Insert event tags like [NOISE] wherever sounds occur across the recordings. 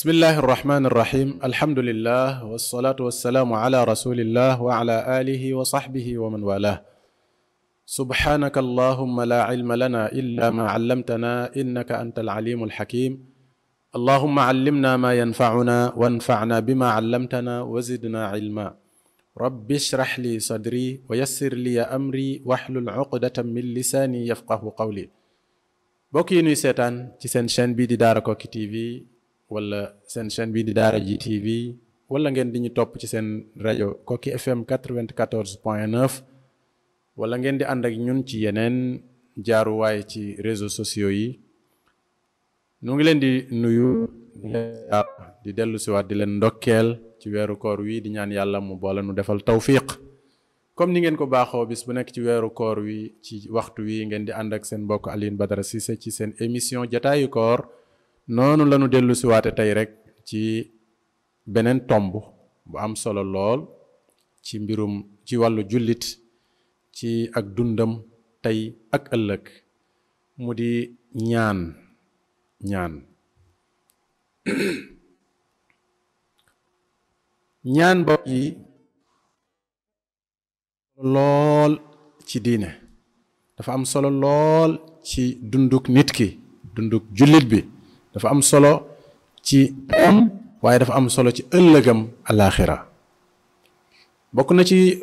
bismillahi irrahmani irrahim alhamdulillah walsalaatu walsalaamu ala rasulillah wa ala alihi wa saxbihi wa man walah subhaanaka allahuma la cilma lana illa ma callamtana innaka anta alcalimu alxakim allahuma callimna ma yanfacuna wanfacna bima callamtana wa zidna cilma rabbi ishrax li sadri wa yassir li amri waxlul cuqdatan min lisaani yafqahu qawli bokk yi nuy seetaan ci seen chaîne bii di Daarakoki TV wala seen chaîne bi di Daara J TV wala ngeen di ñu topp ci seen rajo Koki FM 94 point 9 wala ngeen di ànd ak ñun ci yeneen jaaruwaay ci réseau sociaux yi nu ngi leen di nuyu di dellu siwaat di leen ndokkeel ci weeru koor wii di ñaan yàlla mu boole nu defal tawfiq comme ni ngeen ko baaxoo bis bu nekk ci weeru koor wi ci waxtu wi ngeen di ànd ak seen mbokk Alioune Badara Cissé ci seen émission jataayu koor noonu la ñu waate tey rekk ci beneen tomb bu am solo lool ci mbirum ci wàllu jullit ci ak dundam tey ak ëllëg mu di ñaan ñaan [CLEARS THROAT] ñaan bopp yi lool ci diine dafa am solo lool ci dunduk nit ki dunduk jullit bi dafa am solo ci am waaye dafa am solo ci ëllëgam alaaxira bokk na ci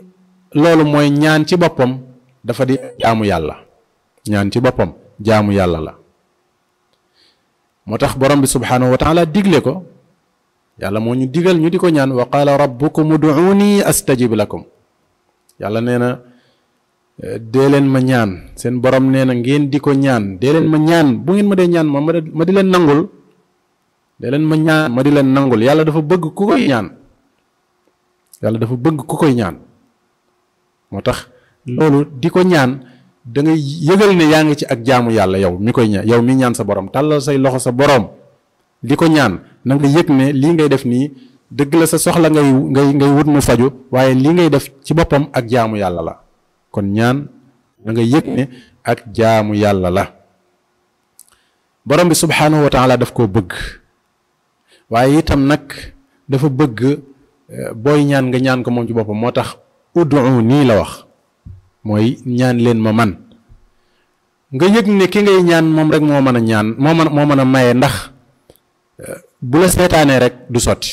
loolu mooy ñaan ci boppam dafa di jaamu yàlla ñaan ci boppam jaamu yàlla la moo tax borom bi subhaanahu wa taala digle ko yàlla moo ñu digal ñu di ko ñaan wa qaala rabbukum uduuni astajib lakum yàlla nee na dee leen ma ñaan seen borom nee na ngeen di ko ñaan dee leen ma ñaan bu ngeen ma dee ñaan ma ma di leen nangul dee leen ma ñaan ma di leen nangul yàlla dafa bëgg ku koy ñaan yàlla dafa bëgg ku koy ñaan moo tax loolu di ko ñaan dangay ngay yëgal ne yaa ngi ci ak jaamu yàlla yow mi koy ñaan yow mi ñaan sa borom tàllal say loxo sa boroom di ko ñaan na nga yëg ne lii ngay def nii dëgg la sa soxla ngay ngay ngay wut mu faju waaye lii ngay def ci boppam ak jaamu yàlla la kon ñaan da nga yëg ne ak jaamu yàlla la borom bi subhaanahu wa taala daf koo bëgg waaye itam nag dafa bëgg eh, booy ñaan nga ñaan ko moom ci boppam moo tax uddu nii la wax mooy ñaan leen ma man nga yëg ne ki ngay ñaan moom rek moo mën a ñaan moo mën moo mën a maye ndax eh, bu la seetaanee rek du sotti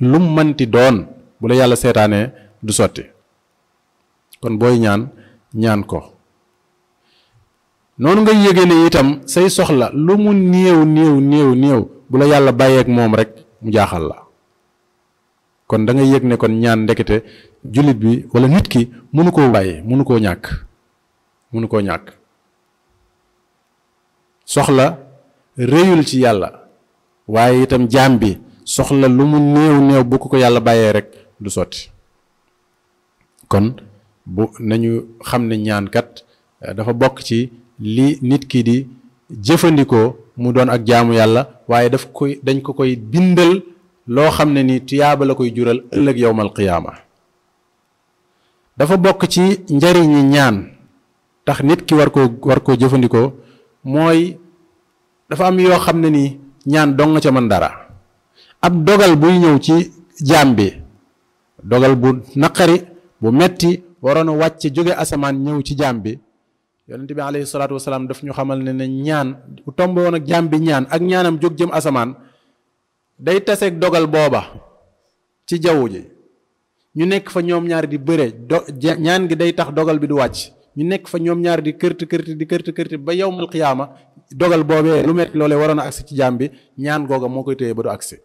lu mënti doon bu la yàlla seetaanee du sotti kon booy ñaan ñaan ko noonu nga yëgee ne itam say soxla lu mu néew néew néew néew bu la yàlla bàyyeek moom rek mu jaaxal la kon da nga yëg ne kon ñaan ndekete jullit bi wala nit ki mënu koo bàyyi mënu koo ñàkk mënu koo ñàkk soxla réyul ci yàlla waaye itam jaam bi soxla lu mu néew néew bu ko ko yàlla bàyyee rek du sotti kon bu nañu xam ne ñaan kat euh, dafa bokk ci li nit ki di jëfandikoo mu doon ak jaamu yàlla waaye daf koy dañ ko koy bindal loo xam ne ni tuyaaba la koy jural ëllëg yowmal qiyaama dafa bokk ci yi ñaan tax nit ki war koo war koo jëfandikoo mooy dafa am yoo xam ne ni ñaan dong nga ca mën dara ab dogal buy ñëw ci jaam bi dogal bu naqari bu metti waroon a wàcc ci jóge asamaan ñëw ci jaam bi yonent bi alayhi salaatu wasalaam daf ñu xamal ne ne ñaan bu tomb woon ak jaam bi ñaan ak ñaanam jóg jëm asamaan day taseeg dogal booba ci jaww ji ñu nekk fa ñoom ñaar di ñaan gi day tax dogal bi du wàcc ñu nekk fa ñoom ñaar di kërti kërti di kërti kërti ba yowmal qiyaama dogal boobee lu metti loolee waroon a agsi ci jaam bi ñaan googa moo koy téye ba du agsi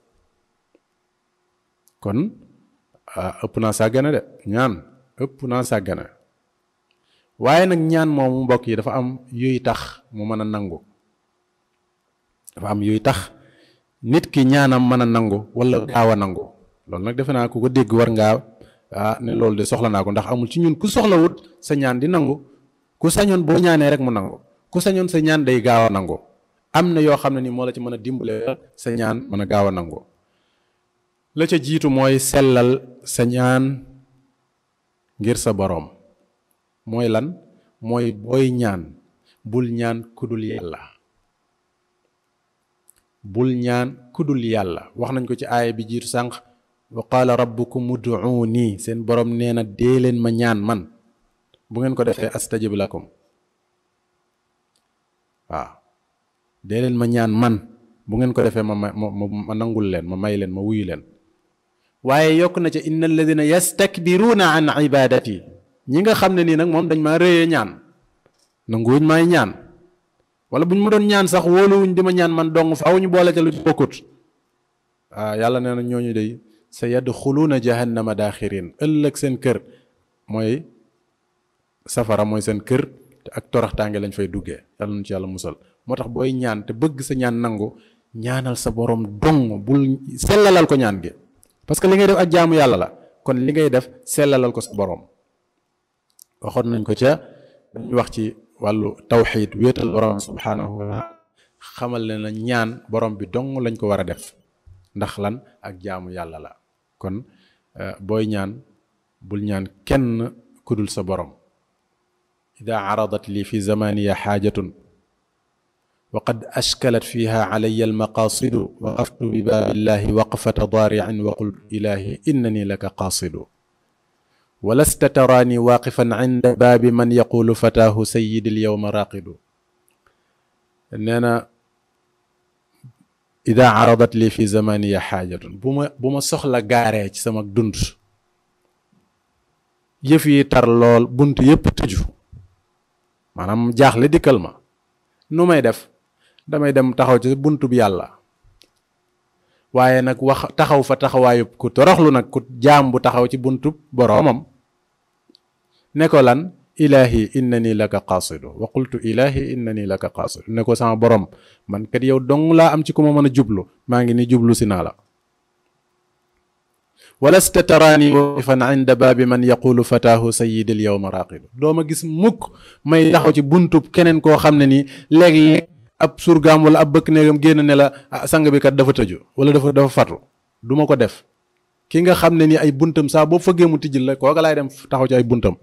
kon ah, ëpp naa saa gën a de ñaan ëpp naa sàggana waaye nag ñaan moomu mbokk yi dafa am yuy tax mu mën a nangu dafa am yuy tax nit ki ñaanam mën a nangu wala gaaw a nangu loolu nag defe naa ku ko dégg war ngaa ah ne loolu de soxla naa ko ndax amul ci ñun ku soxlawut sa ñaan di nangu ku sañoon boo ñaanee rek mu nangu ku sañoon sa ñaan day gaaw a nangu am na yoo xam ne nii moo la ci mën a dimbale sa ñaan mën a gaaw a nangu la ca jiitu mooy sellal sa ñaan ngir sa boroom mooy lan mooy booy ñaan bul ñaan kudul yàlla bul ñaan kudul yàlla wax nañ ko ci aaya bi jiitu sànq wa qaala rabbukum nii seen boroom nee na dee leen ma ñaan man bu ngeen ko defee astajib lakum waaw dee leen ma ñaan man bu ngeen ko defee ma ma ma nangul leen ma may leen ma wuyu leen waaye yokk na ca inna alladina yastakbiruuna an ibadati ñi nga xam ne nii nag moom dañ maa réyee ñaan nanguwuñ may ñaan wala bu ñu ma doon ñaan sax wóoluwuñ di ma ñaan man dong faaw ñu boole ca lu bokkut ah yàlla nee na ñooñu day sa yadxuluuna jahannama daaxirin ëllëg seen kër mooy safara mooy seen kër te ak toroxtaange lañ fay duggee yàlla nu ci yàlla musal moo tax booy ñaan te bëgg sa ñaan nangu ñaanal sa boroom dong bul sellalal ko ñaan gi parce que li ngay def ak jaamu yàlla la kon li ngay def sellalal ko sa boroom waxoon nañ ko ca dañuy wax ci wàllu tawxiid wéetal boroom subhaanahu xamal ne na ñaan boroom bi dong lañ ko war a def ndax lan ak jaamu yàlla la kon euh, booy ñaan bul ñaan kenn kudul sa borom ida aradat lii fi zamaniya xaajatun waqad ashkalat fiha calaya almaqaasidu waqaftu bi baabillahi waqfata daaricin wa qultu ilaahi innani laka qaasidu walasta taraani waaqifan cinda baabi man yaquulu fataahu sayidi lyowma raaqidu nee na ida caradat li fi zamaniya xaajatun bu ma bu ma soxla gaaree ci sama dund yëf yi tar lool bunt yépp tëju maanaam jaaxle dikkal ma nu may def damay dem taxaw ci buntu bi yàlla waaye nag wax taxaw fa taxawaayu ku toroxlu nag ku jaam bu taxaw ci buntu boroomam ne lan ilaahi innani laka qaasidu wa qultu ilaahi innani laka qaasidu ne ko sama borom man kat yow dong laa am ci ku ma mën a jublu maa ngi ni jublu si naa la walasta taraani waqifan inda baabi man yaqulu fataahu sayyidil yawma raaqidu doo ab surgaam wala ab bëkk néegam génn ne la ah, sang bi kat dafa tëju wala dafa dafa fatu du ma ko def ki nga xam ne ni ay buntam saa boo fëggee mu tijjil la kooka laay dem taxaw ci ay buntam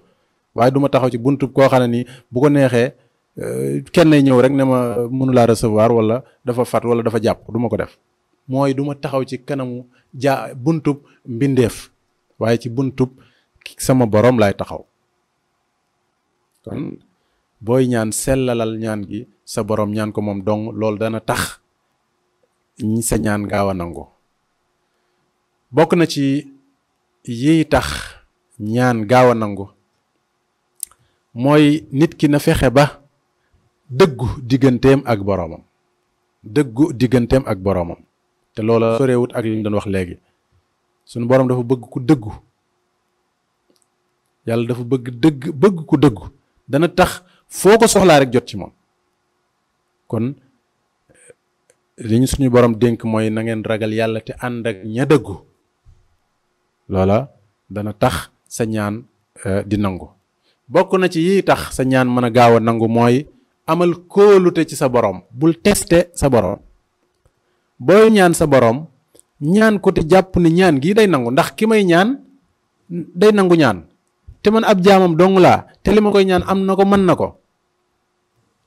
waaye du ma taxaw ci buntu koo xam ne nii bu ko neexee eh, kenn ñëw rek ne ma eh, mënu laa wala dafa fat wala dafa jàpp du ko def mooy du taxaw ci kanamu jaa buntub mbindeef waaye ci buntub sama borom laay taxaw booy ñaan sellalal ñaan gi sa borom ñaan ko moom dong loolu dana tax sa ñaan gaaw a nangu bokk na ci yi tax ñaan gaaw a nangu mooy nit ki na fexe ba dëggu digganteem ak boroomam dëggu digganteem ak boroomam te loola sorewut ak li ñu doon wax léegi sunu boroom dafa bëgg ku dëggu yàlla dafa bëgg dëgg bëgg ku dëggu dana tax foo ko soxlaa rek jot ci moom kon li ñu suñu borom dénk mooy nangeen ngeen ragal yàlla te ànd ak ña dëggu loola dana tax sa ñaan euh, di nangu bokk na ci yi tax sa ñaan mën a gaaw a nangu mooy amal kóolute ci sa borom bul teste sa borom booy ñaan sa boroom ñaan ko te jàpp ni ñaan gii day nangu ndax ki may ñaan day nangu ñaan te man ab jaamam dong laa te li ma koy ñaan am na ko man na ko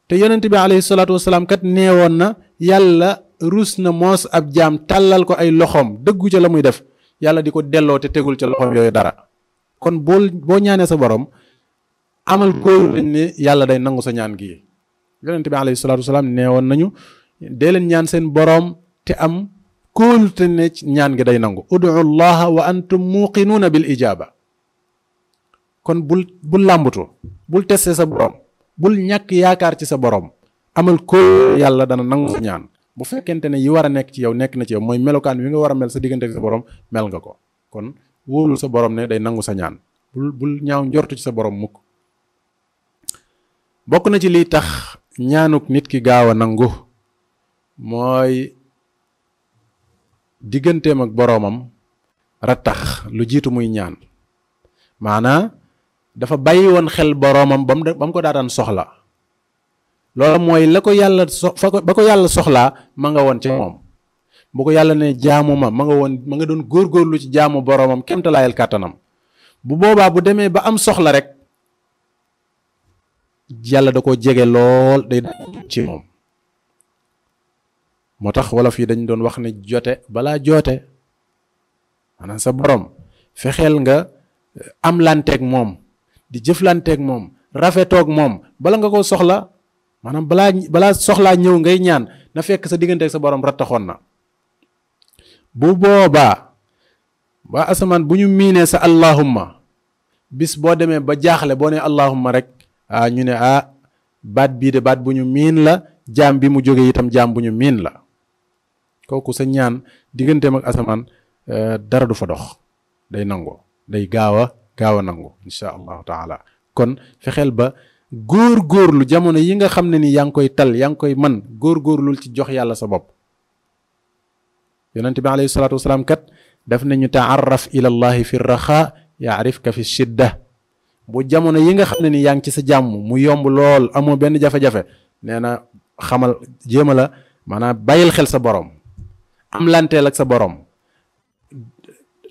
te yonent bi alayhi salaatu wasalaam kat neewoon na yàlla rus na moos ab jaam tàllal ko ay loxoom dëggu ca la muy def yàlla di ko delloo te tegul ca loxoom yooyu dara kon boo boo ñaanee sa boroom amal kóolu ne yàlla day nangu sa ñaan gi yonent bi alayhi salaatu wasalaam neewoon nañu dee leen ñaan seen boroom te am kóolute ne ñaan gi day nangu udu llaha wa antum muuqinuuna bil ijaaba kon bul bul làmbatu bul tester sa borom bul ñàkk yaakaar ci sa borom amal ko yàlla dana nangu ñaan bu fekkente ne yi war a nekk ci yow nekk na ci yow mooy melokaan wi nga war a mel sa borom mel nga ko kon wóolul sa borom ne day nangu sa ñaan bul ñaaw njortu ci sa borom mukk bokk na ci liy tax ñaanuk nit ki gaaw a nangu mooy digganteem ak boroomam rattax lu jiitu muy ñaan maanaa dafa bàyyi woon xel boroomam ba mu ba mu ko daataan soxla loolu mooy la ko yàlla so fa ko yàlla soxlaa ma nga woon ci moom bu ko yàlla ne jaamu ma nga woon mu nga doon góor góorlu ci jaamu boroomam kemtalaayal kàttanam bu boobaa bu demee ba am soxla rek yàlla da ko jege lool day ci moom moo tax wolof yi dañ doon wax ne jote balaa joote maanaam sa boroom fexeel nga eh, am lanteeg moom di jëflanteeg moom rafetook moom bala nga koo soxla maanaam balaa balaa soxlaa ñëw ngay ñaan na fekk sa digganteeg sa borom rattaxoon na bu boobaa waa asamaan bu ñu miinee sa allahumma bis boo demee ba jaaxle boo nee allahumma rek ah ñu ne ah baat bii de baat bu ñu miin la jaam bi mu jógee itam jaam bu ñu miin la kooku sa ñaan digganteem ak asamaan e, dara du fa dox day nangoo day gaaw gaaw a nangu incha allahu taala kon fexeel ba góor-góorlu jamono yi nga xam ne ni yaa ngi koy tal yaa ngi koy man góor-góorlul ci jox yàlla sa bopp yonent bi alayhi salaatu wasalaam kat daf nañu taarraf ila llahi fi raxa yaarifka fi shidda bu jamono yi nga xam ne ni yaa ngi ci sa jàmm mu yomb lool amoo benn jafe-jafe nee na xamal jéem a maanaam bàyyil xel sa boroom am lanteel ak sa borom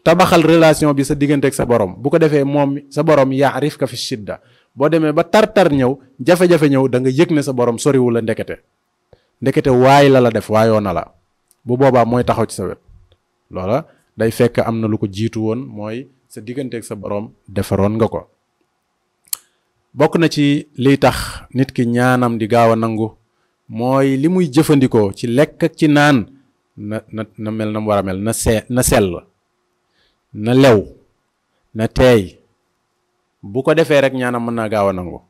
tabaxal relation bi sa diggante ak sa borom bu ko defee moom sa borom yaarif ka fi shidda boo demee ba tar-tar ñëw jafe-jafe ñëw da nga yëg ne sa borom soriwu la ndekete ndekete waay la la def waayoo na la bu boobaa mooy taxaw ci sa wet loola day fekk am na lu ko jiitu woon mooy sa diggante ak sa borom defaroon nga ko bokk na ci liy tax nit ki ñaanam di gaaw a nangu mooy li muy jëfandikoo ci lekk ak ci naan na na na mel na mu war mel na see na sell na lew na teey bu ko defee rek ñaanam mën naa gaaw a nangu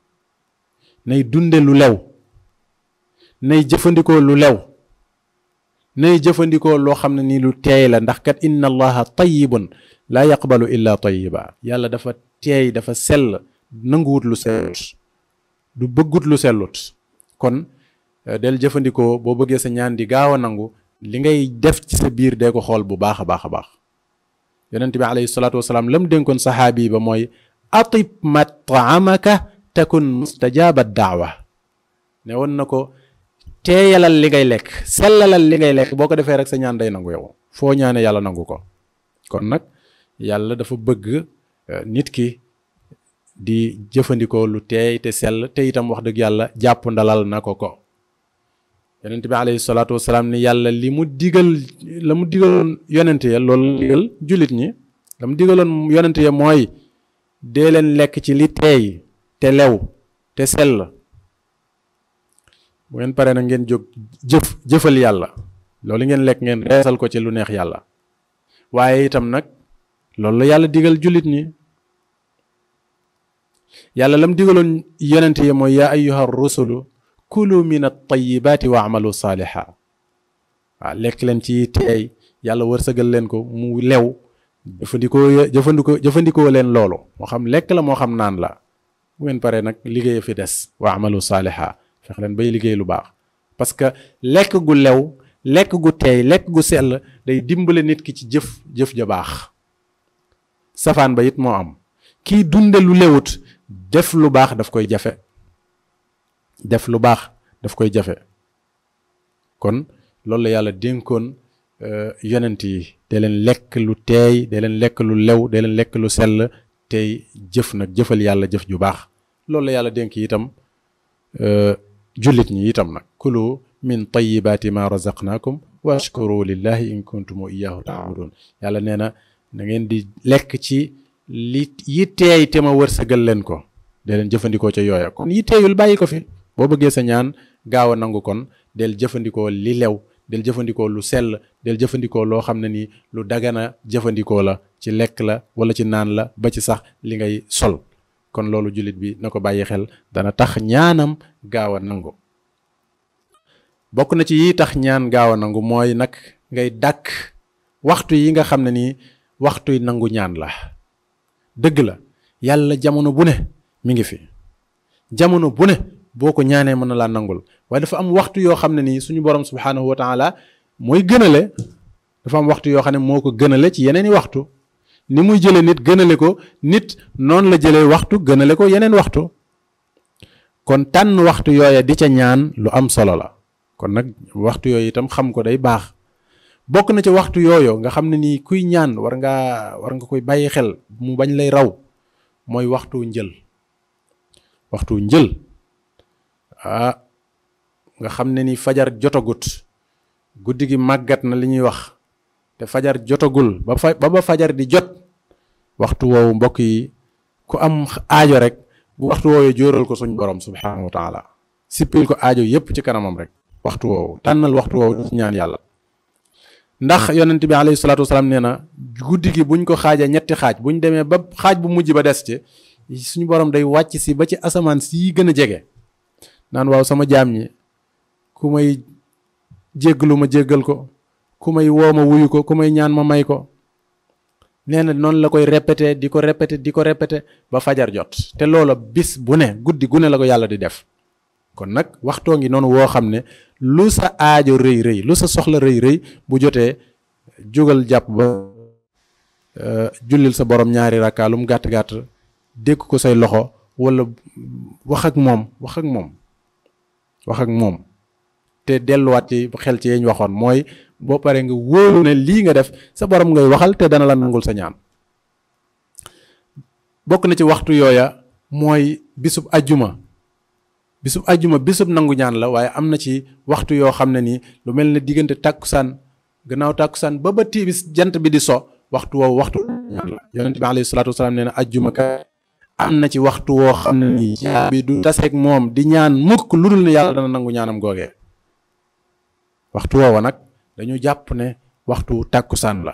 nay dunde lu lew nay jëfandikoo lu lew nay jëfandikoo loo xam ne nii lu teey la ndax kat inna allaha tayibun laa yaqbalu illa tayiba yàlla dafa teey dafa sell nanguwut lu sellut du bëggut lu sellut kon eh, del jëfandikoo boo bëggee sa ñaan di gaaw a nangu li ngay def ci sa biir dee ko xool bu baax a baax a baax yonent bi alayhi salaatu wasalaam la mu dénkoon saxaabi ba mooy atib mataamaka takun mustajaaba daawa ne woon na ko teeyalal li ngay lekk sellalal li ngay lekk boo ko defee rek sa ñaan day nangu yow foo ñaane yàlla nangu ko kon nag yàlla dafa bëgg eh, nit ki di jëfandikoo lu teey te sell te itam wax dëgg yàlla jàpp ndalal na ko ko yonent bi alayhi salaatu salaam ni yàlla li mu digal la mu digaloon yonent ya loolu digal jullit ñi la digaloon yonent ya mooy dee leen lekk ci li teey te lew te sell bu ngeen paree na ngeen jóg jëf jëfal yàlla loolu ngeen lekk ngeen reesal ko ci lu neex yàlla waaye itam nag loolu yàlla digal jullit ñi yàlla la digaloon yonent ya mooy yaa ayyuha rusulu kulu min at-tayyibaati wa amalu saaliha waaw lekk leen ci teey yàlla wërsëgal leen ko mu lew jëfandikoo jëfandikoo jëfandikoo leen loolu moo xam lekk la moo xam naan la bu ngeen paree nag liggéey fi des wa amalu saaliha fex leen bay liggéey lu baax parce que lekk gu lew lekk gu teey lekk gu sell day dimbale nit ki ci jëf jëf ja baax safaan ba it moo am kii dunde lu lewut def lu baax daf koy jafe def lu baax daf koy jafe kon loolu la yàlla dénkoon euh, yonent yi da leen lekk lu teey da leen lekk lu lew da leen lekk lu sell tey jëf nag jëfal yàlla jëf ju baax loolu la yàlla dénk itam euh, jullit ñi itam nag kulu min tayibaati ma razaqnaakum washkuru lillahi in kuntum iyaahu taabudun yàlla nee na na di lekk ci li yi teey te ma wërsëgal leen ko da leen jëfandikoo ca yooya kon yi teeyul bàyyi ko fi boo bëggee sa ñaan gaaw a nangu kon del jëfandikoo li lew del jëfandikoo lu sell del jëfandikoo loo xam ne nii lu dagana jëfandikoo la ci lekk la wala ci naan la ba ci sax li ngay sol kon loolu jullit bi na ko bàyyi xel dana tax ñaanam gaaw a nangu bokk na ci yi tax ñaan gaaw a nangu mooy nag ngay dàkk waxtu yi nga xam ne nii waxtuy nangu ñaan la dëgg la yàlla jamono bu ne mi ngi fi jamono bu ne boo ko ñaanee mën na laa nangul waaye dafa am waxtu yoo xam ne nii suñu borom subhaanahu wa taala mooy gënale dafa am waxtu yoo xam ne moo ko gënale ci yeneen i waxtu ni muy jëlee nit gënale ko nit noonu la jëlee waxtu gënale ko yeneen waxtu kon tànn waxtu yooya di ca ñaan lu am solo la kon nag waxtu yooyu itam xam ko day baax bokk na ci waxtu yooyu nga xam ne nii kuy ñaan war ngaa war nga koy bàyyi xel mu bañ lay raw mooy waxtu njël waxtu njël ah nga xam ne ni fajar jotagut guddi gi màggat na li ñuy wax te fajar jotagul ba ba fajar di jot waxtu woowu mbokk yi ku am aajo rek bu waxtu woowee jóoral ko suñ borom subhaanahu wa taala sippil ko aajo yépp ci kanamam rek waxtu woowu tànnal waxtu woowu ci ñaan yàlla ndax yonent bi alayhi salaatu wasalaam nee na guddi gi buñ ko xaajee ñetti xaaj buñ demee ba xaaj bu mujj ba des ci suñu borom day wàcc si ba ci asamaan si gën a jege naan waaw sama jaam yi ku may jéglu ma jéggal ko ku may woo ma wuyu ko ku may ñaan ma may ko nee na noonu la koy répété di ko répété di ko répété ba fajar jot te loola bis bu ne guddi gune la ko yàlla di def kon nag waxtoo ngi noonu woo xam ne lu sa aajo rëy rëy lu sa soxla rëy rëy bu jotee jógal jàpp ba euh, jullil sa borom ñaari rakkaa mu gàtt gàtt dégg ko say loxo walla wax ak moom wax ak moom wax moom te delluwaat ci xel ci yi ñu waxoon mooy boo paree nga wóolu ne lii nga def sa boroom ngay waxal te dana la nangul sa ñaan bokk na ci waxtu yooya mooy bisub ajjuma bisub ajjuma bisub nangu ñaan la waaye am na ci waxtu yoo xam ne ni lu mel ne diggante tàkkusaan gannaaw tàkkusaan ba ba tiibis jant bi di so waxtu woowu waxtu ñaan bi alayhi salaatu wasalaam nee na ajjuma am na ci waxtu woo xam ne ni jaam bi du taseeg moom di ñaan mukk lu dul ne yàlla dana nangu ñaanam googee waxtu woowa nag dañu jàpp ne waxtu tàkkusaan la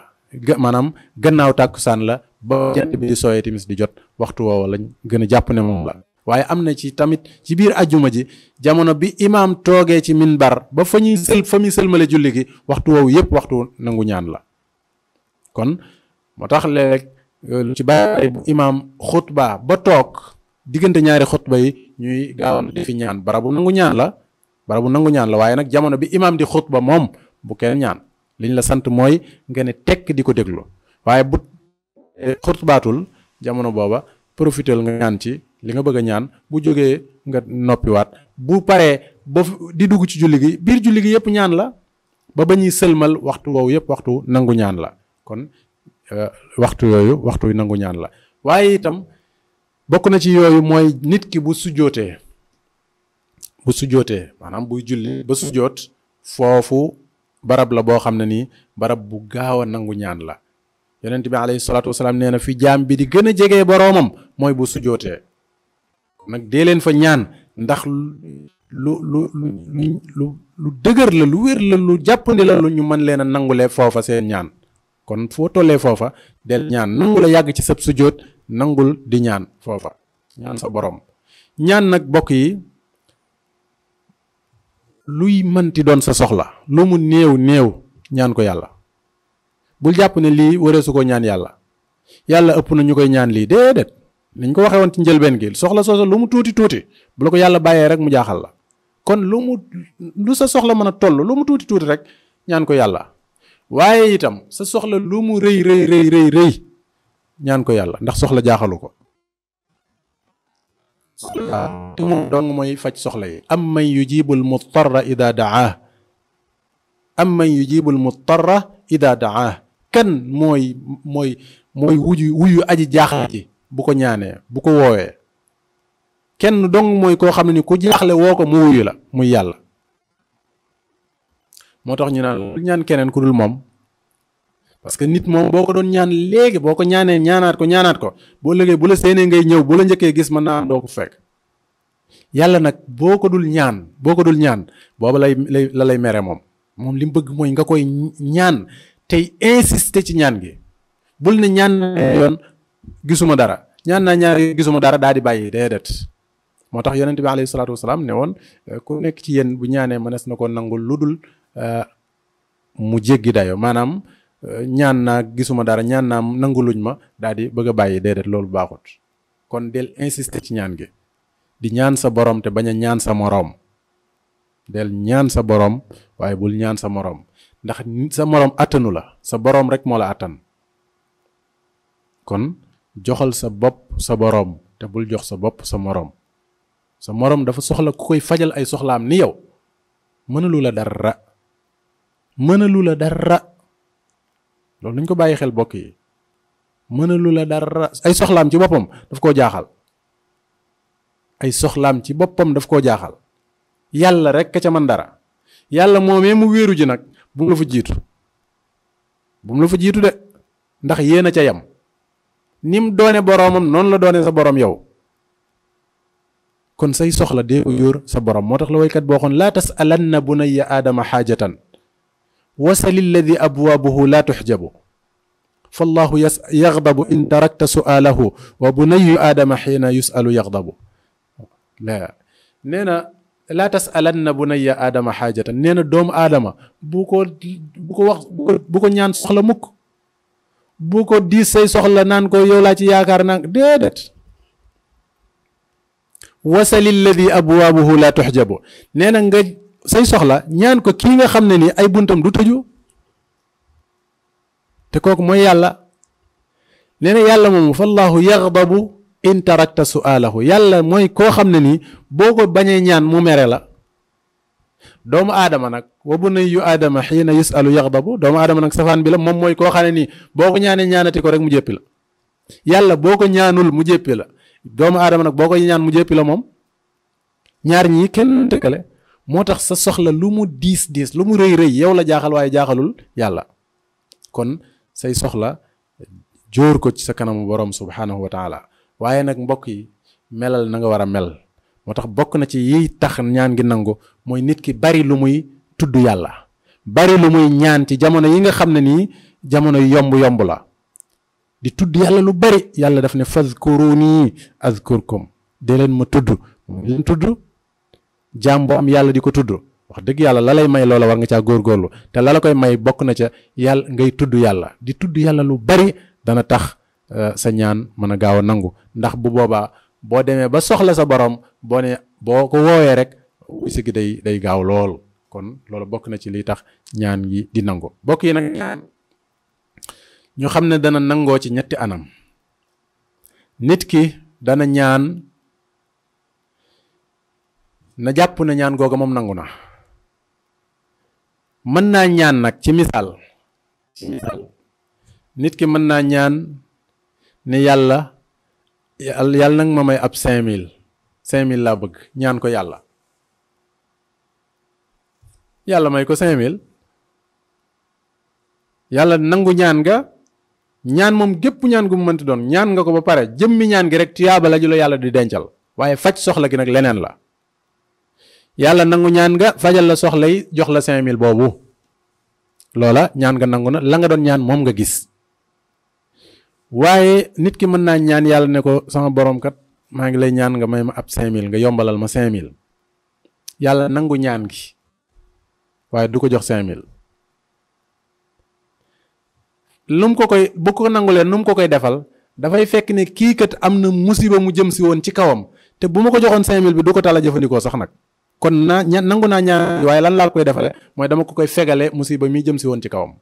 maanaam gannaaw tàkkusaan la ba jant bi di sooyee timis di jot waxtu woowa lañ gën a jàpp ne moom la waaye am na ci tamit ci biir ajjuma ji jamono bi imaam toogee ci min minbar ba fa ñuy sël fa muy sëlmale julli gi waxtu woowu yépp waxtu nangu ñaan la kon moo tax léeg lu ci bàyyi imaam xutba ba toog diggante ñaari xutba yi ñuy gaawan di fi ñaan barabu nangu ñaan la barabu nangu ñaan la waaye nag jamono bi imaam di xutba moom bu kenn ñaan liñ la sant mooy nga ne tekk di ko déglu waaye bu eh, xutbaatul jamono booba profitel nga ñaan ci li nga bëgg a ñaan bu jógee nga noppiwaat bu pare ba di dugg ci julli gi biir julli gi yëpp ñaan la ba ba ñuy sëlmal waxtu woowu yëpp waxtu nangu ñaan la kon Euh, waxtu yooyu waxtu yu nangu ñaan la waaye itam bokk na ci yooyu mooy nit ki bu sujjootee bu sujjootee maanaam buy julli ba sujjoot foofu barab la boo xam ne ni barab bu gaaw a nangu ñaan la yonent bi alayhi salaatu wasalaam nee na fi jaam bi di gën a jege boroomam mooy bu sujjootee nag dee leen fa ñaan ndax lu lu lu lu dëgër la lu wér la lu jàppandi la lu ñu mën leen a nangulee foofa seen ñaan kon foo tollee foofa del ñaan nangu la yàgg ci sab sujjóot nangul di ñaan foofa ñaan sa boroom ñaan nag bokk yi luy mënti doon sa soxla lu mu néew néew ñaan ko yàlla bul jàpp ne lii su ko ñaan yàlla yàlla ëpp na ñu koy ñaan lii déedéet niñ ko waxee woon ci njëlbeen gi soxla soosa lu mu tuuti tuuti bu la ko yàlla bàyyee rek mu jaaxal la kon lu mu lu sa soxla mën a toll lu mu tuuti tuuti rek ñaan ko yàlla waaye itam sa soxla lu mu rëy rëy rëy ñaan ko yàlla ndax soxla jaaxalu ko te moom dong mooy faj soxla yi am may yu yujibul mutarra ida daah am may man yujibul mutarra ida daah kan mooy mooy mooy wuju wuyu aji jaaxle yi bu ko ñaanee bu ko woowee kenn dong mooy koo xam ne ni ku jaaxle woo ko mu wuyu la muy yàlla moo tax ñu naan mm. ñaan keneen ku dul moom parce que nit moom boo ko doon ñaan léegi boo ko ñaanee ñaanaat ko ñaanaat ko boo léegi bu la séenee ngay ñëw bu la njëkkee gis ma naan am doo ko fekk yàlla nag boo ko dul ñaan boo ko dul ñaan booba lay lay la lay mere moom moom li mu bëgg mooy nga koy ñaan tey insister ci ñaan gi bul ne ñaan eh. yoon gisuma dara ñaan naa ñaari gisuma dara daa di bàyyi déedéet moo tax yonent bi alayhi salaatu wasalaam ne woon eh, ku nekk ci yéen bu ñaanee mënees na ko nangul lu mu jéggi dayo maanaam euh, ñaan naa gisuma dara ñaan naa nanguluñ ma daal di bëgg a bàyyi déedéet loolu baaxut kon del insister ci ñaan gi di ñaan sa borom te bañ a ñaan sa moroom del ñaan sa boroom waaye bul ñaan sa moroom ndax sa moroom àttanu la sa borom rek moo la àttan kon joxal sa bopp sa borom te bul jox sa bopp sa moroom sa moroom dafa soxla ku koy fajal ay soxlaam ni yow mënalu la dara mënalu la dara loolu dañ ko bàyyi xel bokk yi lu la dara ay soxlaam ci boppam daf koo jaaxal ay soxlaam ci boppam daf koo jaaxal yàlla rek a ca man dara yàlla moomee mu wéeru ji nag bu mu la fa jiitu mu la fa jiitu de ndax yéen a ca yam ni mu doone boroomam noonu la doone sa borom yow kon say soxla dee ko yóor sa borom moo tax la waykat boo xoon laa tas alanna bunayya aadama xaajatan wasali alladi abwaabuhu laa tuxjabu in tarakta su'aalahu wa bunayu aadama xiina yusalu yaxdabu nee na laa tasalanna bunaya aadama xaajatan nee na doomu aadama bu ko bu ko ko ñaan soxla mukk bu diis say soxla naan ko yow laa ci yaakaar naan déedéet wasali alladi abwaabuhu laa tuxjabu nee nga say soxla ñaan ko kii nga xam ne nii ay buntam du tëju te kooku mooy yàlla nee na yàlla moomu fallaahu yaxdabu in tarakta su'aalahu yàlla mooy koo xam ne nii boo ko bañee ñaan mu mere la doomu aadama nag bu wa bunayyu aadama xiina yusalu yaxdabu doomu aadama nag safaan bi la moom mooy koo xam ne nii boo ko ñaanee ñaanati ko rek mu jéppi la yàlla boo ko ñaanul mu jéppi la doomu aadama nag boo koy ñaan mu jéppi la moom ñaar ñii kenn tëkkale moo tax sa soxla lu mu diis diis lu mu rëy rëy yow la jaaxal waaye jaaxalul yàlla kon say soxla jóor ko ci sa kanamu borom subhaanahu wa taala waaye nag mbokk yi melal na nga war a mel moo tax bokk na ci yiy tax ñaan gi nangu mooy nit ki bari lu muy tudd yàlla bari lu muy ñaan ci jamono yi nga xam ne nii jamono yomb yomb la di tudd yàlla lu bari yàlla daf ne fazkuruni azkurkum dee leen ma tudd leen tudd jaam boo am yàlla di ko tudd wax dëgg yàlla la lay may loola war nga caa góorgóorlu te la koy may bokk na ca yàlla ngay tudd yàlla di tudd yàlla lu bari dana tax euh, sa ñaan mën a gaaw a nangu ndax bu boobaa boo demee ba soxla sa borom boo boo ko woowee rek si gi day day gaaw lool kon loolu bokk na ci liy tax ñaan yi di nangu bokk yi nag ñu xam ne dana nangoo ci ñetti anam nit ki dana ñaan na jàpp ne ñaan googa moom nangu na mën naa ñaan nag ci misaal nit ki mën naa ñaan ne yàlla yàlla nag ma may ab cinq mille cinq mille laa bëgg ñaan ko yàlla yàlla may ko cinq mille yàlla nangu ñaan nga ñaan moom gépp ñaan gu mu mënti doon ñaan nga ko ba pare jëmmi ñaan gi rek tuyaaba la la yàlla di dencal waaye faj soxla gi nag leneen la yàlla nangu ñaan nga fajal la soxla yi jox la cinq mille boobu loola ñaan nga nangu na la nga doon ñaan moom nga gis waaye nit ki mën naa ñaan yàlla ne ko sama borom maa ngi lay ñaan nga may ma ab cinq mille nga yombalal ma cinq mille yàlla nangu ñaan gi waaye du ko jox cinq mille lu mu ko koy bu ko nangulee nu mu ko koy defal dafay fekk ne kii kat am na musiba mu jëm si woon ci kawam te bu ma ko joxoon cinq mille bi du ko tala jëfandikoo sax nag kon naa ña nangu naa ñaan waaye lan laa koy defale mooy dama ko koy fegale musiba mi jëm si woon ci kawam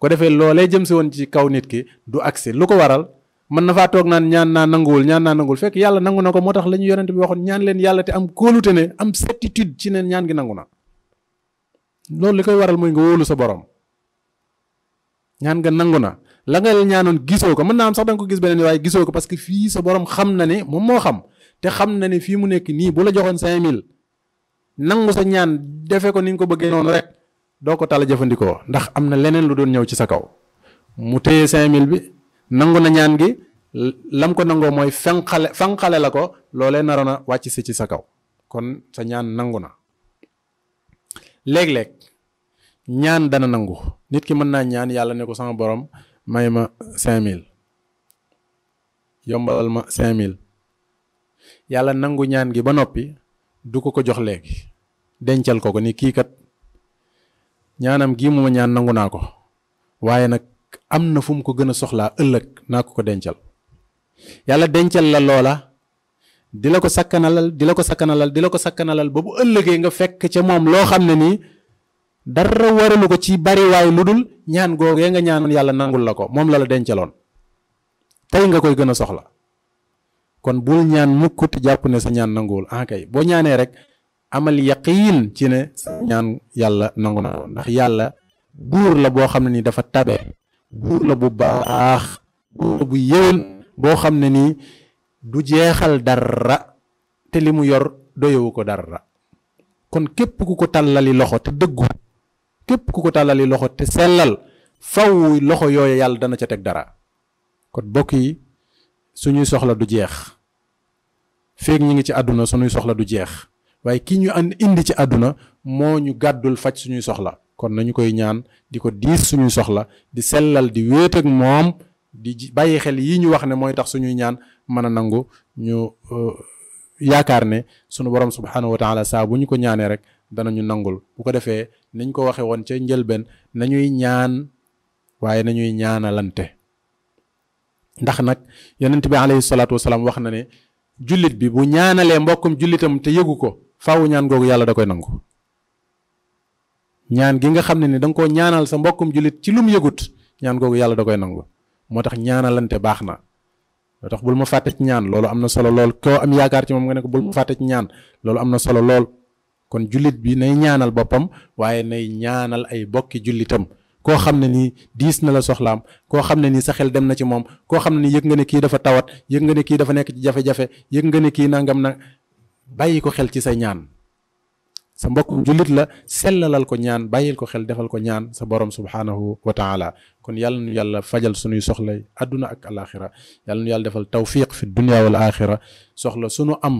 ko defee loolee jëm si woon ci kaw nit ki du agsi lu ko waral mën na faa naan ñaan naa nanguwul ñaan naa nanguwul fekk yàlla nangu na ko moo tax la ñu yonent bi waxoon ñaan leen yàlla te am kóolute ne am certitude ci ne nangu na loolu li koy waral mooy nga wóolu sa borom ñaan nga nangu na la nga ñaanoon gisoo ko mën naa am sax da ko gis beneen waaye gisoo ko parce que fii sa borom xam na ne moom moo xam te xam na ne fii mu nekk nii bu la joxoon cinq mille nangu sa ñaan defe ko ni ñu ko bëggee noonu rek doo ko tala jëfandikoo ndax am na leneen lu doon ñëw ci sa kaw mu téye cinq mille bi nangu na ñaan gi lam ko nangoo mooy fenqale fenqale la ko loole naroon a wàcc si ci sa kaw kon sa ñaan nangu na léeg-léeg ñaan dana nangu nit ki mën naa ñaan yàlla ne ko sama borom may ma cin mille yombalal ma cinq mille yàlla nangu ñaan gi ba noppi du ko ko jox léegi dencal ko ko ni kii kat ñaanam gii mu ma ñaan nangu naa ko waaye nag am na fu mu ko gën a soxlaa ëllëg naa ko ko dencal yàlla dencal la loola di la ko sakkanalal di la ko sakkanalal di la ko sakkanalal ba bu ëllëgee nga fekk ca moom loo xam ne nii dara waralu ko ci bariwaay lu dul ñaan googee nga ñaanoon yàlla nangul la ko moom la la dencaloon tey nga koy gën a soxla kon bul ñaan mukk te jàpp ne sa ñaan nanguwul ah kay boo ñaanee rek amal yaqiin ci ne sa ñaan yàlla nangu na ndax yàlla buur la boo xam ne ni dafa tabe buur la bu baax buur la bu yéwén boo xam ne nii du jeexal dara te li mu yor doyewu ko dara kon képp ku ko tàllali loxo te dëggu képp ku ko tàllali loxo te sellal faw loxo yooyu yàlla dana ca teg dara kon bokk suñuy soxla du jeex feeg ñi ngi ci àdduna suñuy soxla du jeex waaye ki ñu an indi ci àdduna moo ñu gàddul faj suñuy soxla kon nañu koy ñaan di ko diis suñuy soxla di sellal di wéet moom di bàyyi xel yi ñu wax ne mooy tax su ñuy ñaan mën a nangu ñu euh, yaakaar ne sunu borom subhanahu wa taala saa bu ñu ko ñaanee rek danañu nangul bu ko defee niñ ko waxee woon ca njëlbeen nañuy ñaan waaye nañuy ñaanalante ndax nag yonent bi alayhi salaatu wasalaam wax na ne jullit bi bu ñaanalee mbokkum jullitam te yëgu ko faawu ñaan googu yàlla da koy nangu ñaan gi nga xam ne ni da nga ñaanal sa mbokkum jullit ci lum yëgut ñaan googu yàlla da koy nangu moo tax ñaanalante baax na moo tax bul ma fàtte ñaan loolu am na solo lool koo ci moom nga ne ko bul ma fàtte ci ñaan loolu am na solo lool kon jullit bi nay ñaanal boppam waaye nay ñaanal ay bokki jullitam koo xam ne nii diis na la soxlaam koo xam ne nii sa xel dem na ci moom koo xam ne nii yëg nga ne kii dafa tawat yëg nga ne kii dafa nekk ci jafe-jafe yëg nga ne kii nangam na bàyyi ko xel ci say ñaan sa mbokk la sellalal ko ñaan bàyyil ko xel defal ko ñaan sa borom subhaanahu wa taala kon yàlla nu yàlla fajal sunuy soxla àdduna ak alaaxira yàlla nu yàlla defal tawfiq fi dunia wal aaxira soxla sunu am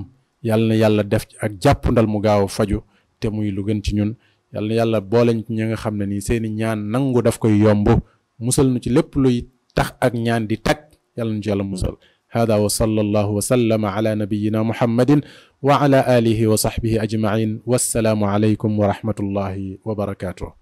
yàlla na yàlla def ak jàpp ndal mu gaaw a faju te muy lu gën ci ñun yal na yàlla booleñ ci ñi nga xam ne nii seeni ñaan nangu daf koy yomb musal nu ci lépp luy tax ak ñaan di tag yàlla nu ci yàlla musal hada wa sallallahu wa sallama ala nabiyina muhammadin wa ala alihi wa sahbihi ajmain wassalaamu alaykum wa rahmatullahi wa barakatuh